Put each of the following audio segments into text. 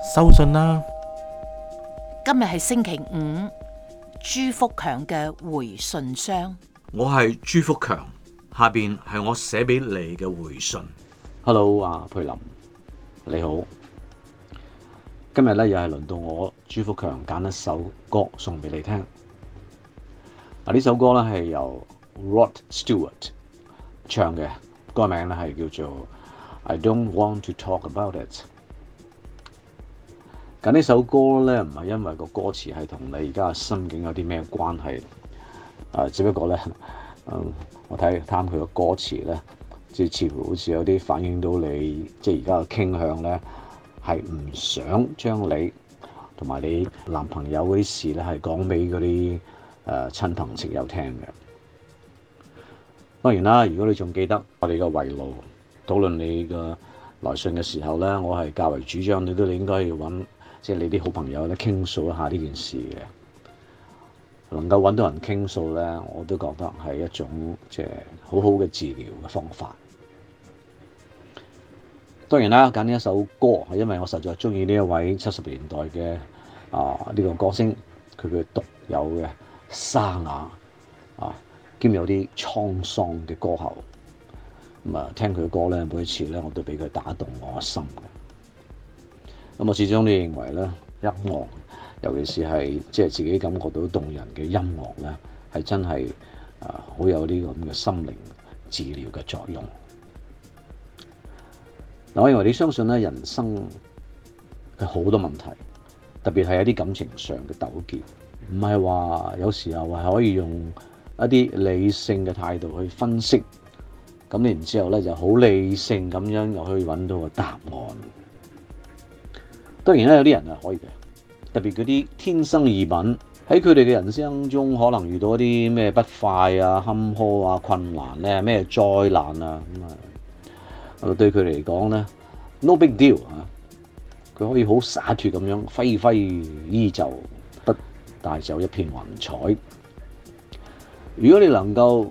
收信啦！今日係星期五，朱福強嘅回信箱。我係朱福強，下邊係我寫俾你嘅回信。Hello，阿佩林，你好。今日咧又係輪到我朱福強揀一首歌送俾你聽。嗱、啊，呢首歌咧係由 Rod Stewart 唱嘅，歌名咧係叫做《I Don't Want to Talk About It》。咁呢首歌咧，唔係因為個歌詞係同你而家嘅心境有啲咩關係？誒，只不過咧，我睇翻佢個歌詞咧，即係似乎好似有啲反映到你即係而家嘅傾向咧，係唔想將你同埋你男朋友嗰啲事咧，係講俾嗰啲誒親朋戚友聽嘅。當然啦，如果你仲記得我哋嘅圍爐討論你嘅來信嘅時候咧，我係較為主張你都你應該要揾。即係你啲好朋友咧傾訴一下呢件事嘅，能夠揾到人傾訴咧，我都覺得係一種即係、就是、好好嘅治療嘅方法。當然啦，揀呢一首歌係因為我實在中意呢一位七十年代嘅啊呢、呢個歌星，佢嘅獨有嘅沙啞啊，兼有啲滄桑嘅歌喉。咁啊，聽佢嘅歌咧，每一次咧我都俾佢打動我嘅心。咁我始終都認為咧，音樂，尤其是係即係自己感覺到動人嘅音樂咧，係真係啊好有呢個咁嘅心靈治療嘅作用。嗱，我認為你相信咧，人生係好多問題，特別係一啲感情上嘅糾結，唔係話有時候係可以用一啲理性嘅態度去分析，咁然之後咧就好理性咁樣又可以揾到個答案。當然咧，有啲人係可以嘅，特別嗰啲天生異品，喺佢哋嘅人生中，可能遇到一啲咩不快啊、坎坷啊、困難咧、啊、咩災難啊，咁啊，對佢嚟講咧，no big deal 啊，佢可以好灑脱咁樣揮揮衣袖，不帶走一片雲彩。如果你能夠，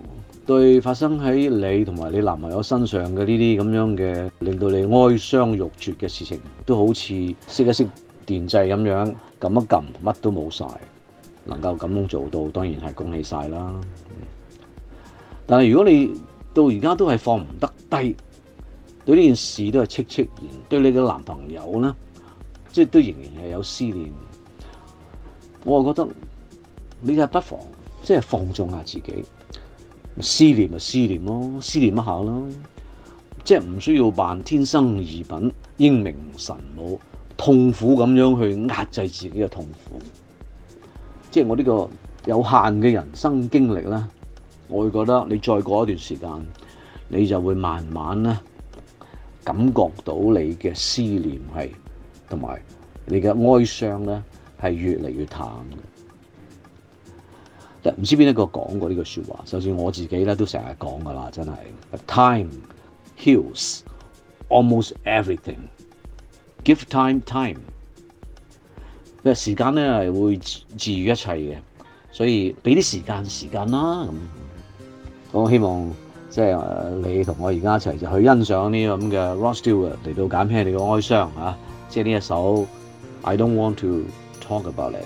對發生喺你同埋你男朋友身上嘅呢啲咁樣嘅，令到你哀傷欲絕嘅事情，都好似熄一熄電掣咁樣，撳一撳，乜都冇晒，能夠咁樣做到，當然係恭喜晒啦、嗯。但係如果你到而家都係放唔得低，對呢件事都係戚戚然，對你嘅男朋友咧，即係都仍然係有思念。我就覺得你啊，不妨即係放縱下自己。思念咪思念咯，思念一下咯，即係唔需要扮天生異稟、英明神武，痛苦咁樣去壓制自己嘅痛苦。即係我呢個有限嘅人生經歷啦，我會覺得你再過一段時間，你就會慢慢咧感覺到你嘅思念係同埋你嘅哀傷咧係越嚟越淡。唔知邊一個講過呢個説話，就算我自己咧都成日講噶啦，真係 time heals almost everything，give time time，因為時間咧係會治癒一切嘅，所以俾啲時間時間啦咁。我希望即係、話、你同我而家一齊就去欣賞呢咁嘅 Rod Stewart 嚟到減輕你嘅哀傷、啊、即係呢一首 I don't want to talk about it。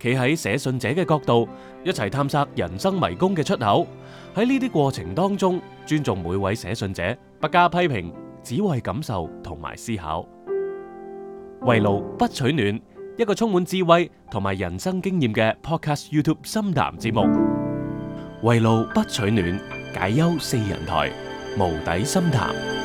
企喺寫信者嘅角度，一齊探索人生迷宮嘅出口。喺呢啲過程當中，尊重每位寫信者，不加批評，只為感受同埋思考。圍爐 不取暖，一個充滿智慧同埋人生經驗嘅 Podcast YouTube 深談節目。圍爐不取暖，解憂四人台，無底深談。